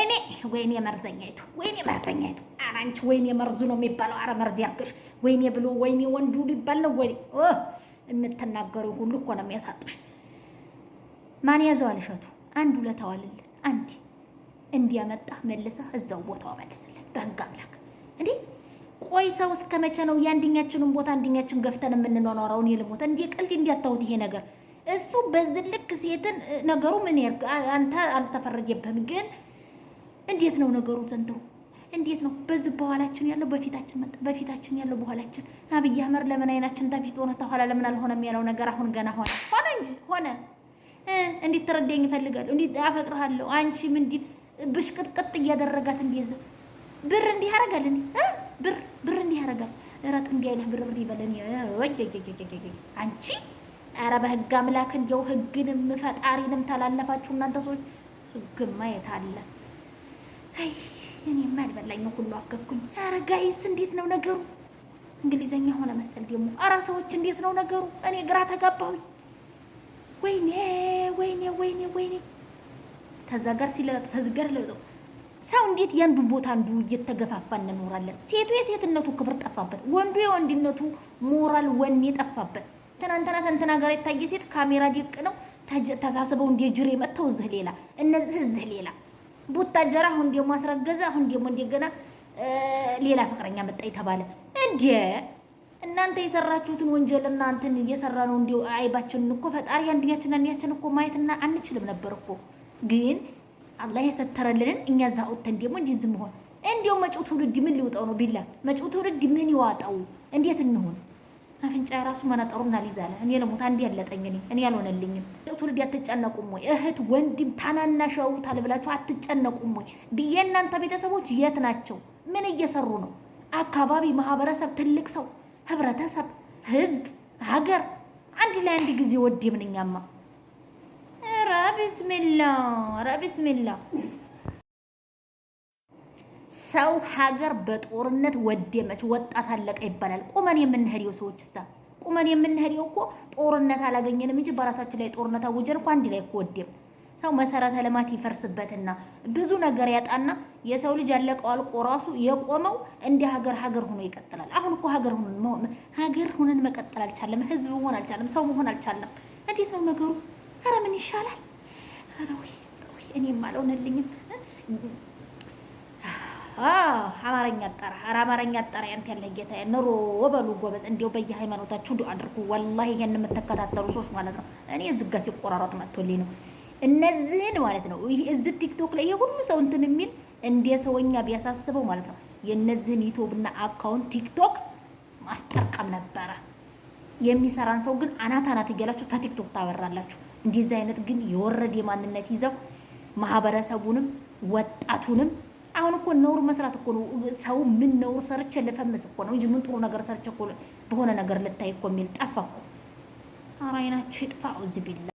ወይኔ ወይኔ መርዘኛይቱ ወይኔ መርዘኛይቱ ኧረ አንቺ ወይኔ መርዙ ነው የሚባለው። ኧረ መርዝ ያርግሽ ወይኔ ብሎ ወይኔ ወንዱ ሊባል ነው ወይኔ የምትናገሩ ሁሉ እኮ ነው የሚያሳጡሽ። ማን ያዘዋል እሸቱ? አንድ ውለታዋልልን አንዴ እንዲያመጣ መልሰ እዛው ቦታው መልስልን። በህግ አምላክ እንዴ ቆይ ሰው እስከ መቼ ነው የአንደኛችንን ቦታ አንድኛችን ገፍተን የምንኖረውን? የልሞት እንዴ ቀልድ እንዲያታውት ይሄ ነገር እሱ በዝልክ ሴትን ነገሩ ምን ያርግ። አንተ አልተፈረጀብህም ግን እንዴት ነው ነገሩ ዘንድሮ? እንዴት ነው በዚህ በኋላችን ያለው በፊታችን መጣ፣ በፊታችን ያለው በኋላችን። አብይ አህመድ ለምን አይናችን ተፊት ሆነ ተኋላ ለምን አልሆነም ያለው ነገር አሁን ገና ሆነ ሆነ እንጂ ሆነ። እንዴት ትረዳኝ እፈልጋለሁ፣ እንዴት አፈቅርሃለሁ፣ አንቺ ምን እንዴት ብሽቅጥቅጥ እያደረጋት እንዴት ብር እንዲህ ያደርጋል፣ ብር ብር እንዲህ ያረጋል። ረጥ እንዲህ አይነት ብር ብር ይበለን። አንቺ ኧረ በህግ አምላክ እንዲያው ህግንም ፈጣሪንም ታላለፋችሁ እናንተ ሰዎች። ህግማ የት አለ? አይ እኔማ ሁሉ አገብኩኝ። ኧረ ጋይስ እንዴት ነው ነገሩ? እንግሊዘኛ ሆነ መሰል ደግሞ። ኧረ ሰዎች እንዴት ነው ነገሩ? እኔ ግራ ተጋባሁኝ። ወይኔ ወይኔ ወይኔ ወይኔ ከዛ ጋር ሲለጡ ለጡ ሰው እንዴት የአንዱ ቦታ አንዱ እየተገፋፋ እንኖራለን። ሴቱ የሴትነቱ ክብር ጠፋበት፣ ወንዱ የወንድነቱ ሞራል ወኔ ጠፋበት። ትናንትና ተንትና ጋር የታየ ሴት ካሜራ ዲቅ ነው ተሳስበው እንደ ጅሬ መጥተው እዚህ ሌላ እነዚህ እዚህ ሌላ ቡታጀራ አሁን ደግሞ አስረገዘ። አሁን ደግሞ እንደገና ሌላ ፍቅረኛ መጣ የተባለ እንዴ! እናንተ የሰራችሁትን ወንጀል እናንተን እየሰራ ነው እንዲ አይባችንን እኮ ፈጣሪ አንድኛችን አንድኛችን እኮ ማየትና አንችልም ነበር እኮ ግን አላህ የሰተረልንን እኛ እዛ ወጥተን ደግሞ ዝም መሆን እንዲያው መጪው ትውልድ ምን ሊውጣው ነው? ቢላ መጪው ትውልድ ምን ይዋጣው? እንዴት እንሆን? አፍንጫ የራሱ መነጠሩና ሊዛለ እኔ ለሞታ አንድ ያለጠኝ እኔ እኔ አልሆነልኝም። ትውልድ አትጨነቁም ወይ? እህት ወንድም፣ ታናናሽ ያውታል ብላችሁ አትጨነቁም ወይ? የእናንተ ቤተሰቦች የት ናቸው? ምን እየሰሩ ነው? አካባቢ፣ ማህበረሰብ፣ ትልቅ ሰው፣ ህብረተሰብ፣ ህዝብ፣ ሀገር አንድ ላይ አንድ ጊዜ ወድ የምንኛማ ሰው ሀገር በጦርነት ወደመች፣ ወጣት አለቀ ይባላል። ቁመን የው ሰዎች እሳ ቁመን የምንሄደው እኮ ጦርነት አላገኘንም እንጂ በራሳችን ላይ ጦርነት አውጀን እኮ አንድ ላይ እኮ ወደም ሰው መሰረተ ልማት ይፈርስበትና ብዙ ነገር ያጣና የሰው ልጅ ያለቀው አልቆ ራሱ የቆመው እንደ ሀገር ሀገር ሆኖ ይቀጥላል። አሁን እኮ ሀገር ሆነን ሀገር ሆነን መቀጠል አልቻለም። ህዝብ መሆን አልቻለም። ሰው መሆን አልቻለም። እንዴት ነው ነገሩ? አረ ምን ይሻላል? አረ ወይ እኔም አልሆነልኝም። አማርኛ አጣራ፣ ኧረ አማርኛ አጣራ። ያንተ ያለ ጌታ ኑሮ በሉ ጎበዝ። እንዲያው በየሃይማኖታችሁ እንዲያው አድርጉ። ወላሂ ይሄን የምትከታተሉ ሰዎች ማለት ነው። እኔ እዚህ ጋር ሲቆራረጥ መጥቶልኝ ነው እነዚህን ማለት ነው። ይሄ እዚህ ቲክቶክ ላይ የሁሉ ሰው እንትን የሚል እንደ ሰውኛ ቢያሳስበው ማለት ነው የእነዚህን ዩቲዩብና አካውንት ቲክቶክ ማስጠርቀም ነበረ። የሚሰራን ሰው ግን አናት አናት እያላችሁ ተቲክቶክ ታበራላችሁ። እንደዚህ አይነት ግን የወረድ የማንነት ይዘው ማህበረሰቡንም ወጣቱንም አሁን እኮ ነውር መስራት እኮ ነው። ሰው ምን ነውር ሰርቼ ልፈምስ እኮ ነው እንጂ ምን ጥሩ ነገር ሰርቼ እኮ በሆነ ነገር ልታይ እኮ የሚል ጠፋ እኮ። ኧረ አይናችሁ ይጥፋ። ኡዝ ቢላ